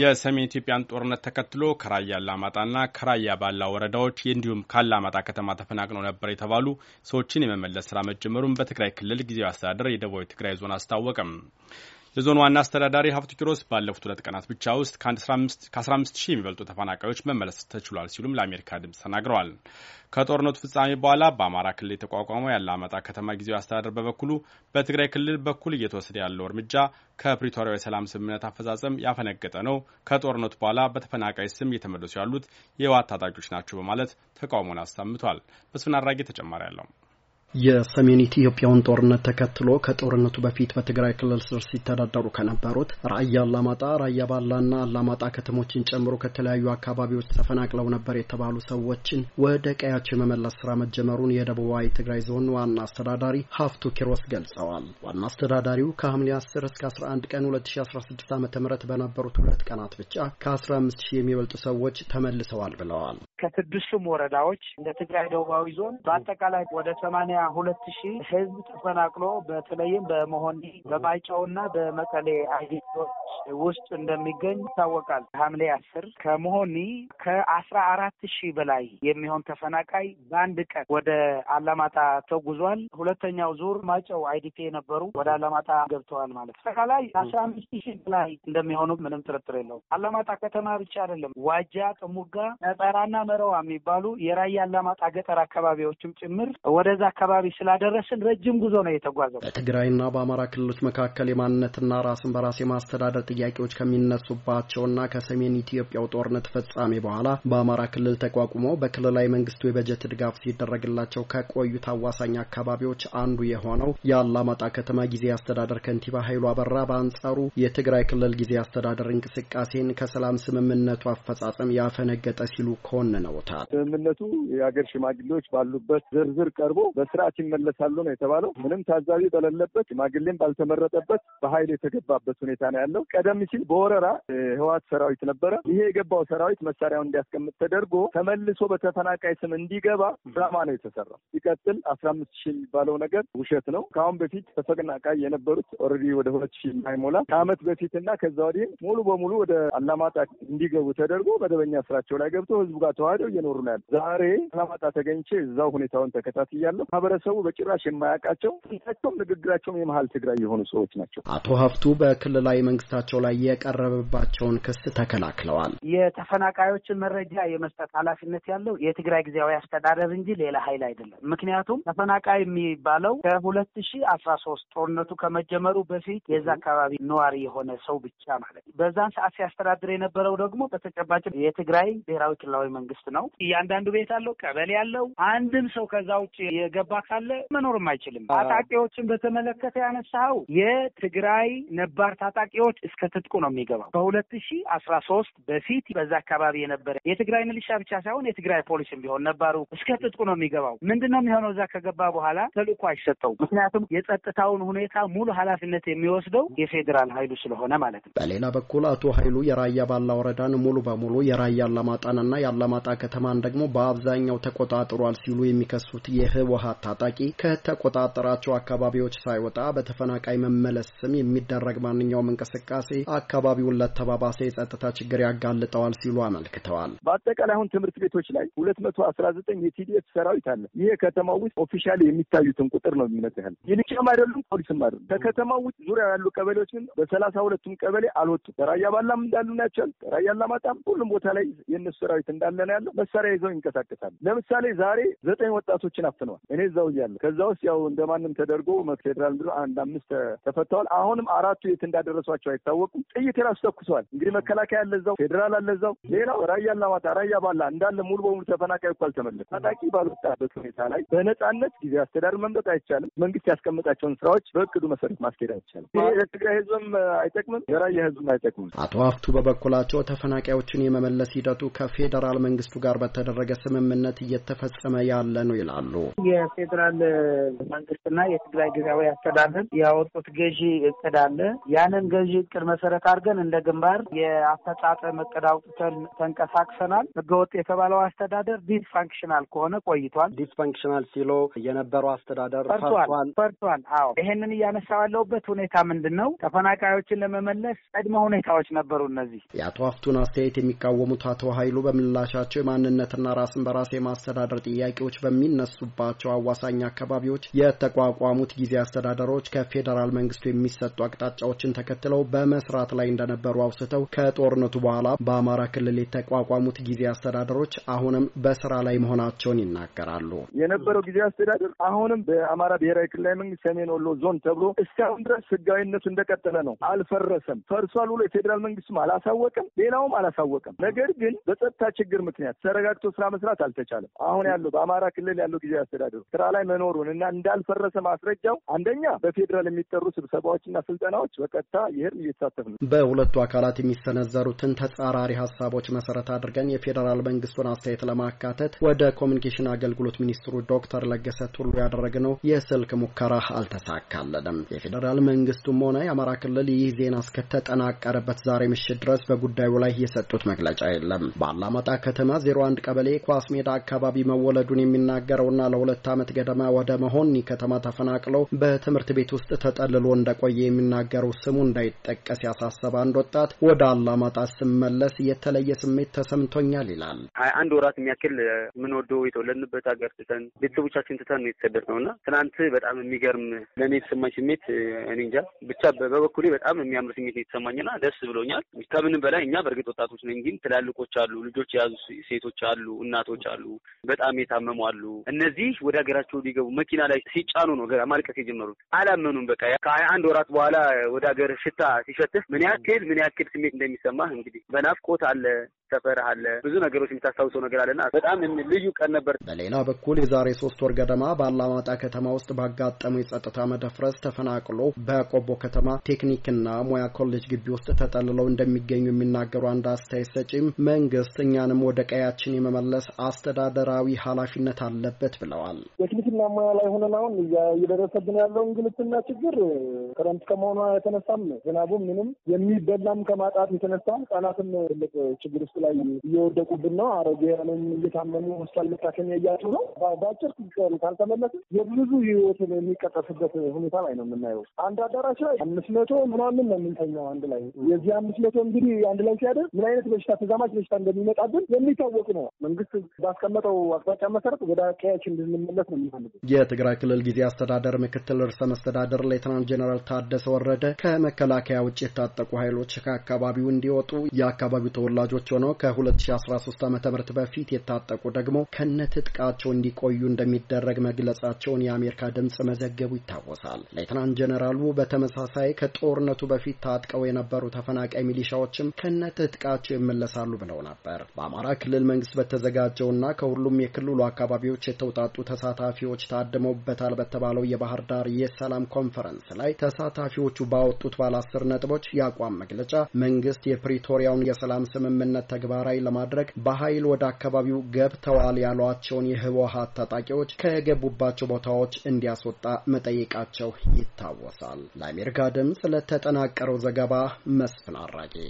የሰሜን ኢትዮጵያን ጦርነት ተከትሎ ከራያ አላማጣና ከራያ ባላ ወረዳዎች እንዲሁም ከአላማጣ ከተማ ተፈናቅለው ነበር የተባሉ ሰዎችን የመመለስ ስራ መጀመሩን በትግራይ ክልል ጊዜያዊ አስተዳደር የደቡባዊ ትግራይ ዞን አስታወቀም። የዞኑ ዋና አስተዳዳሪ ሀብቱ ኪሮስ ባለፉት ሁለት ቀናት ብቻ ውስጥ ከ15 ሺህ የሚበልጡ ተፈናቃዮች መመለስ ተችሏል ሲሉም ለአሜሪካ ድምፅ ተናግረዋል። ከጦርነቱ ፍጻሜ በኋላ በአማራ ክልል የተቋቋመው አመጣ ከተማ ጊዜያዊ አስተዳደር በበኩሉ በትግራይ ክልል በኩል እየተወሰደ ያለው እርምጃ ከፕሪቶሪያው የሰላም ስምምነት አፈጻጸም ያፈነገጠ ነው፣ ከጦርነቱ በኋላ በተፈናቃይ ስም እየተመለሱ ያሉት የህወሓት ታጣቂዎች ናቸው በማለት ተቃውሞን አሰምቷል። መስፍን አድራጌ ተጨማሪ አለው። የሰሜን ኢትዮጵያውን ጦርነት ተከትሎ ከጦርነቱ በፊት በትግራይ ክልል ስር ሲተዳደሩ ከነበሩት ራያ አላማጣ፣ ራያ ባላና አላማጣ ከተሞችን ጨምሮ ከተለያዩ አካባቢዎች ተፈናቅለው ነበር የተባሉ ሰዎችን ወደ ቀያቸው የመመለስ ስራ መጀመሩን የደቡባዊ ትግራይ ዞን ዋና አስተዳዳሪ ሀፍቱ ኪሮስ ገልጸዋል። ዋና አስተዳዳሪው ከሐምሌ 10 እስከ 11 ቀን 2016 ዓ ም በነበሩት ሁለት ቀናት ብቻ ከ15000 የሚበልጡ ሰዎች ተመልሰዋል ብለዋል። ከስድስቱም ወረዳዎች እንደ ትግራይ ደቡባዊ ዞን በአጠቃላይ ወደ ሰማንያ ሁለት ሺህ ህዝብ ተፈናቅሎ በተለይም በመሆኒ በማይጨውና በመቀሌ አይዲፒዎች ውስጥ እንደሚገኝ ይታወቃል። ሐምሌ አስር ከመሆኒ ከአስራ አራት ሺህ በላይ የሚሆን ተፈናቃይ በአንድ ቀን ወደ አላማጣ ተጉዟል። ሁለተኛው ዙር ማጨው አይዲፒ የነበሩ ወደ አላማጣ ገብተዋል ማለት ነው። አጠቃላይ አስራ አምስት ሺህ በላይ እንደሚሆኑ ምንም ጥርጥር የለውም። አላማጣ ከተማ ብቻ አይደለም፣ ዋጃ፣ ጥሙጋ፣ ነጠራና መረዋ የሚባሉ የራያ አላማጣ ገጠር አካባቢዎችም ጭምር ወደዛ አካባቢ ስላደረስን ረጅም ጉዞ ነው የተጓዘው። በትግራይና በአማራ ክልሎች መካከል የማንነትና ራስን በራስ የማስተዳደር ጥያቄዎች ከሚነሱባቸውና ከሰሜን ኢትዮጵያው ጦርነት ፍጻሜ በኋላ በአማራ ክልል ተቋቁሞ በክልላዊ መንግስቱ የበጀት ድጋፍ ሲደረግላቸው ከቆዩት አዋሳኝ አካባቢዎች አንዱ የሆነው የአላማጣ ከተማ ጊዜ አስተዳደር ከንቲባ ኃይሉ አበራ በአንጻሩ የትግራይ ክልል ጊዜ አስተዳደር እንቅስቃሴን ከሰላም ስምምነቱ አፈጻጸም ያፈነገጠ ሲሉ ኮነ አመስግነውታል። ስምምነቱ የሀገር ሽማግሌዎች ባሉበት ዝርዝር ቀርቦ በስርዓት ይመለሳሉ ነው የተባለው። ምንም ታዛቢ በሌለበት ሽማግሌም ባልተመረጠበት በኃይል የተገባበት ሁኔታ ነው ያለው። ቀደም ሲል በወረራ ህወሓት ሰራዊት ነበረ። ይሄ የገባው ሰራዊት መሳሪያውን እንዲያስቀምጥ ተደርጎ ተመልሶ በተፈናቃይ ስም እንዲገባ ድራማ ነው የተሰራው። ሲቀጥል አስራ አምስት ሺህ የሚባለው ነገር ውሸት ነው። ከአሁን በፊት ተፈናቃይ የነበሩት ኦልሬዲ ወደ ሁለት ሺህ የማይሞላ ከአመት በፊት እና ከዛ ወዲህም ሙሉ በሙሉ ወደ አላማጣ እንዲገቡ ተደርጎ መደበኛ ስራቸው ላይ ገብቶ ህዝቡ ጋር ተዋህደው እየኖሩ ነው ያሉ። ዛሬ አላማጣ ተገኝቼ እዛው ሁኔታውን ተከታትያለሁ። ማህበረሰቡ በጭራሽ የማያውቃቸው ሁኔታቸውም ንግግራቸውም የመሀል ትግራይ የሆኑ ሰዎች ናቸው። አቶ ሀፍቱ በክልላዊ መንግስታቸው ላይ የቀረበባቸውን ክስ ተከላክለዋል። የተፈናቃዮችን መረጃ የመስጠት ኃላፊነት ያለው የትግራይ ጊዜያዊ አስተዳደር እንጂ ሌላ ሀይል አይደለም። ምክንያቱም ተፈናቃይ የሚባለው ከሁለት ሺ አስራ ሶስት ጦርነቱ ከመጀመሩ በፊት የዛ አካባቢ ነዋሪ የሆነ ሰው ብቻ ማለት ነው። በዛን ሰዓት ሲያስተዳድር የነበረው ደግሞ በተጨባጭ የትግራይ ብሔራዊ ክልላዊ መንግስት ውስጥ ነው። እያንዳንዱ ቤት አለው፣ ቀበሌ ያለው አንድም ሰው ከዛ ውጭ የገባ ካለ መኖርም አይችልም። ታጣቂዎችን በተመለከተ ያነሳው የትግራይ ነባር ታጣቂዎች እስከ ትጥቁ ነው የሚገባው። በሁለት ሺ አስራ ሶስት በፊት በዛ አካባቢ የነበረ የትግራይ ሚሊሻ ብቻ ሳይሆን የትግራይ ፖሊስም ቢሆን ነባሩ እስከ ትጥቁ ነው የሚገባው። ምንድን ነው የሚሆነው? እዛ ከገባ በኋላ ተልእኮ አይሰጠው። ምክንያቱም የጸጥታውን ሁኔታ ሙሉ ኃላፊነት የሚወስደው የፌዴራል ኃይሉ ስለሆነ ማለት ነው። በሌላ በኩል አቶ ኃይሉ የራያ ባላ ወረዳን ሙሉ በሙሉ የራያ አላማጣንና የአላማጣ ከተማን ደግሞ በአብዛኛው ተቆጣጥሯል ሲሉ የሚከሱት የህወሀት ታጣቂ ከተቆጣጠራቸው አካባቢዎች ሳይወጣ በተፈናቃይ መመለስ ስም የሚደረግ ማንኛውም እንቅስቃሴ አካባቢውን ለተባባሰ የጸጥታ ችግር ያጋልጠዋል ሲሉ አመልክተዋል። በአጠቃላይ አሁን ትምህርት ቤቶች ላይ ሁለት መቶ አስራ ዘጠኝ የቲዲኤፍ ሰራዊት አለ። ይሄ ከተማ ውስጥ ኦፊሻል የሚታዩትን ቁጥር ነው የሚመጣ ያህል ሚሊሻም አይደሉም ፖሊስም አይደሉም። ከከተማው ውጭ ዙሪያ ያሉ ቀበሌዎች ግን በሰላሳ ሁለቱም ቀበሌ አልወጡም። ራያ ባላም እንዳሉ ናቸው። ራያ አላማጣም ሁሉም ቦታ ላይ የእነሱ ሰራዊት እንዳለ ነው ያለው። መሳሪያ ይዘው ይንቀሳቀሳሉ። ለምሳሌ ዛሬ ዘጠኝ ወጣቶችን አፍነዋል። እኔ እዛው እያለሁ ከዛ ውስጥ ያው እንደማንም ተደርጎ ፌዴራል ብሎ አንድ አምስት ተፈተዋል። አሁንም አራቱ የት እንዳደረሷቸው አይታወቁም። ጥይት የራሱ ተኩሰዋል። እንግዲህ መከላከያ አለዛው፣ ፌዴራል አለዛው፣ ሌላው ራያ አላማጣ፣ ራያ ባላ እንዳለ ሙሉ በሙሉ ተፈናቃይ እኮ አልተመለሰ። ታጣቂ ባልወጣበት ሁኔታ ላይ በነጻነት ጊዜ አስተዳደር መምጠጥ አይቻልም። መንግስት ያስቀመጣቸውን ስራዎች በእቅዱ መሰረት ማስኬድ አይቻልም። ለትግራይ ህዝብም አይጠቅምም፣ የራያ ህዝብም አይጠቅምም። አቶ ሀፍቱ በበኩላቸው ተፈናቃዮችን የመመለስ ሂደቱ ከፌዴራል መንግስት መንግስቱ ጋር በተደረገ ስምምነት እየተፈጸመ ያለ ነው ይላሉ። የፌዴራል መንግስትና የትግራይ ጊዜያዊ አስተዳደር ያወጡት ገዢ እቅድ አለ። ያንን ገዢ እቅድ መሰረት አድርገን እንደ ግንባር የአፈጻጸም እቅድ አውጥተን ተንቀሳቅሰናል። ህገወጥ የተባለው አስተዳደር ዲስፋንክሽናል ከሆነ ቆይቷል። ዲስፋንክሽናል ሲሎ የነበረው አስተዳደር ፈርቷል ፈርቷል። አዎ ይሄንን እያነሳሁ ሁኔታ ምንድን ነው? ተፈናቃዮችን ለመመለስ ቅድመ ሁኔታዎች ነበሩ እነዚህ። የአቶ ሀፍቱን አስተያየት የሚቃወሙት አቶ ሀይሉ በምላሻቸው ያላቸው የማንነትና ራስን በራስ የማስተዳደር ጥያቄዎች በሚነሱባቸው አዋሳኝ አካባቢዎች የተቋቋሙት ጊዜ አስተዳደሮች ከፌዴራል መንግስቱ የሚሰጡ አቅጣጫዎችን ተከትለው በመስራት ላይ እንደነበሩ አውስተው ከጦርነቱ በኋላ በአማራ ክልል የተቋቋሙት ጊዜ አስተዳደሮች አሁንም በስራ ላይ መሆናቸውን ይናገራሉ። የነበረው ጊዜ አስተዳደር አሁንም በአማራ ብሔራዊ ክልላዊ መንግስት ሰሜን ወሎ ዞን ተብሎ እስካሁን ድረስ ህጋዊነቱ እንደቀጠለ ነው። አልፈረሰም። ፈርሷል ብሎ የፌዴራል መንግስትም አላሳወቀም፣ ሌላውም አላሳወቀም። ነገር ግን በጸጥታ ችግር ምክንያት ምክንያት ተረጋግቶ ስራ መስራት አልተቻለም። አሁን ያለው በአማራ ክልል ያለው ጊዜ አስተዳደሩ ስራ ላይ መኖሩን እና እንዳልፈረሰ ማስረጃው አንደኛ በፌዴራል የሚጠሩ ስብሰባዎችና ስልጠናዎች በቀጥታ ይህም እየተሳተፍ ነው። በሁለቱ አካላት የሚሰነዘሩትን ተጻራሪ ሀሳቦች መሰረት አድርገን የፌዴራል መንግስቱን አስተያየት ለማካተት ወደ ኮሚኒኬሽን አገልግሎት ሚኒስትሩ ዶክተር ለገሰ ቱሉ ያደረግነው የስልክ ሙከራ አልተሳካለንም። የፌዴራል መንግስቱም ሆነ የአማራ ክልል ይህ ዜና እስከተጠናቀረበት ዛሬ ምሽት ድረስ በጉዳዩ ላይ የሰጡት መግለጫ የለም። በአላማጣ ከተማ ከተማ 01 ቀበሌ ኳስ ሜዳ አካባቢ መወለዱን የሚናገረውና ለሁለት ዓመት ገደማ ወደ መሆኒ ከተማ ተፈናቅለው በትምህርት ቤት ውስጥ ተጠልሎ እንደቆየ የሚናገረው ስሙ እንዳይጠቀስ ያሳሰበ አንድ ወጣት ወደ አላማጣ ስመለስ የተለየ ስሜት ተሰምቶኛል ይላል። ሀያ አንድ ወራት የሚያክል የምንወደው የተወለድንበት ሀገር ትተን ቤተሰቦቻችን ትተን ነው የተሰደድ ነው እና ትናንት በጣም የሚገርም ለእኔ የተሰማኝ ስሜት እኔ እንጃ ብቻ በበኩሌ በጣም የሚያምር ስሜት የተሰማኝና ደስ ብሎኛል። ከምንም በላይ እኛ በእርግጥ ወጣቶች ነን፣ ግን ትላልቆች አሉ ልጆች የያዙ ሴቶች አሉ፣ እናቶች አሉ፣ በጣም የታመሙ አሉ። እነዚህ ወደ ሀገራቸው ሊገቡ መኪና ላይ ሲጫኑ ነው ማልቀስ የጀመሩት። አላመኑም። በቃ ከሀያ አንድ ወራት በኋላ ወደ ሀገር ሽታ ሲሸትፍ ምን ያክል ምን ያክል ስሜት እንደሚሰማህ እንግዲህ በናፍቆት አለ ሰፈር አለ። ብዙ ነገሮች የምታስታውሰው ነገር አለና በጣም ልዩ ቀን ነበር። በሌላ በኩል የዛሬ ሶስት ወር ገደማ በአላማጣ ከተማ ውስጥ ባጋጠመው የጸጥታ መደፍረስ ተፈናቅሎ በቆቦ ከተማ ቴክኒክና ሙያ ኮሌጅ ግቢ ውስጥ ተጠልለው እንደሚገኙ የሚናገሩ አንድ አስተያየት ሰጪም መንግስት እኛንም ወደ ቀያችን የመመለስ አስተዳደራዊ ኃላፊነት አለበት ብለዋል። ቴክኒክና ሙያ ላይ ሆነን አሁን እየደረሰብን ያለው እንግልትና ችግር ክረምት ከመሆኗ የተነሳም ዝናቡም ምንም የሚበላም ከማጣት የተነሳ ህጻናትም ትልቅ ችግር ውስጥ ላይ እየወደቁብን ነው። አረጋውያንም እየታመኑ ሆስፒታል መታከሚያ እያጡ ነው። በአጭር ቀን ካልተመለስን የብዙ ህይወትን የሚቀጠፍበት ሁኔታ ላይ ነው የምናየው። አንድ አዳራሽ ላይ አምስት መቶ ምናምን ነው የምንተኛው አንድ ላይ። የዚህ አምስት መቶ እንግዲህ አንድ ላይ ሲያደር ምን አይነት በሽታ ተዛማች በሽታ እንደሚመጣብን የሚታወቅ ነው። መንግስት ባስቀመጠው አቅጣጫ መሰረት ወደ ቀያችን እንድንመለስ ነው የሚፈልገው። የትግራይ ክልል ጊዜ አስተዳደር ምክትል ርዕሰ መስተዳደር ሌትናንት ጀኔራል ታደሰ ወረደ ከመከላከያ ውጭ የታጠቁ ኃይሎች ከአካባቢው እንዲወጡ የአካባቢው ተወላጆች ሆነው ከ2013 ዓ ም በፊት የታጠቁ ደግሞ ከነትጥቃቸው እንዲቆዩ እንደሚደረግ መግለጻቸውን የአሜሪካ ድምፅ መዘገቡ ይታወሳል። ሌትናንት ጀኔራሉ በተመሳሳይ ከጦርነቱ በፊት ታጥቀው የነበሩ ተፈናቃይ ሚሊሻዎችም ከነትጥቃቸው ይመለሳሉ ብለው ነበር። በአማራ ክልል መንግስት በተዘጋጀውና ከሁሉም የክልሉ አካባቢዎች የተውጣጡ ተሳታፊዎች ታድመውበታል በተባለው የባህር ዳር የሰላም ኮንፈረንስ ላይ ተሳታፊዎቹ ባወጡት ባለ አስር ነጥቦች የአቋም መግለጫ መንግስት የፕሪቶሪያውን የሰላም ስምምነት ተግባራዊ ለማድረግ በኃይል ወደ አካባቢው ገብተዋል ያሏቸውን የህወሀት ታጣቂዎች ከገቡባቸው ቦታዎች እንዲያስወጣ መጠየቃቸው ይታወሳል። ለአሜሪካ ድምፅ ለተጠናቀረው ዘገባ መስፍን አራጌ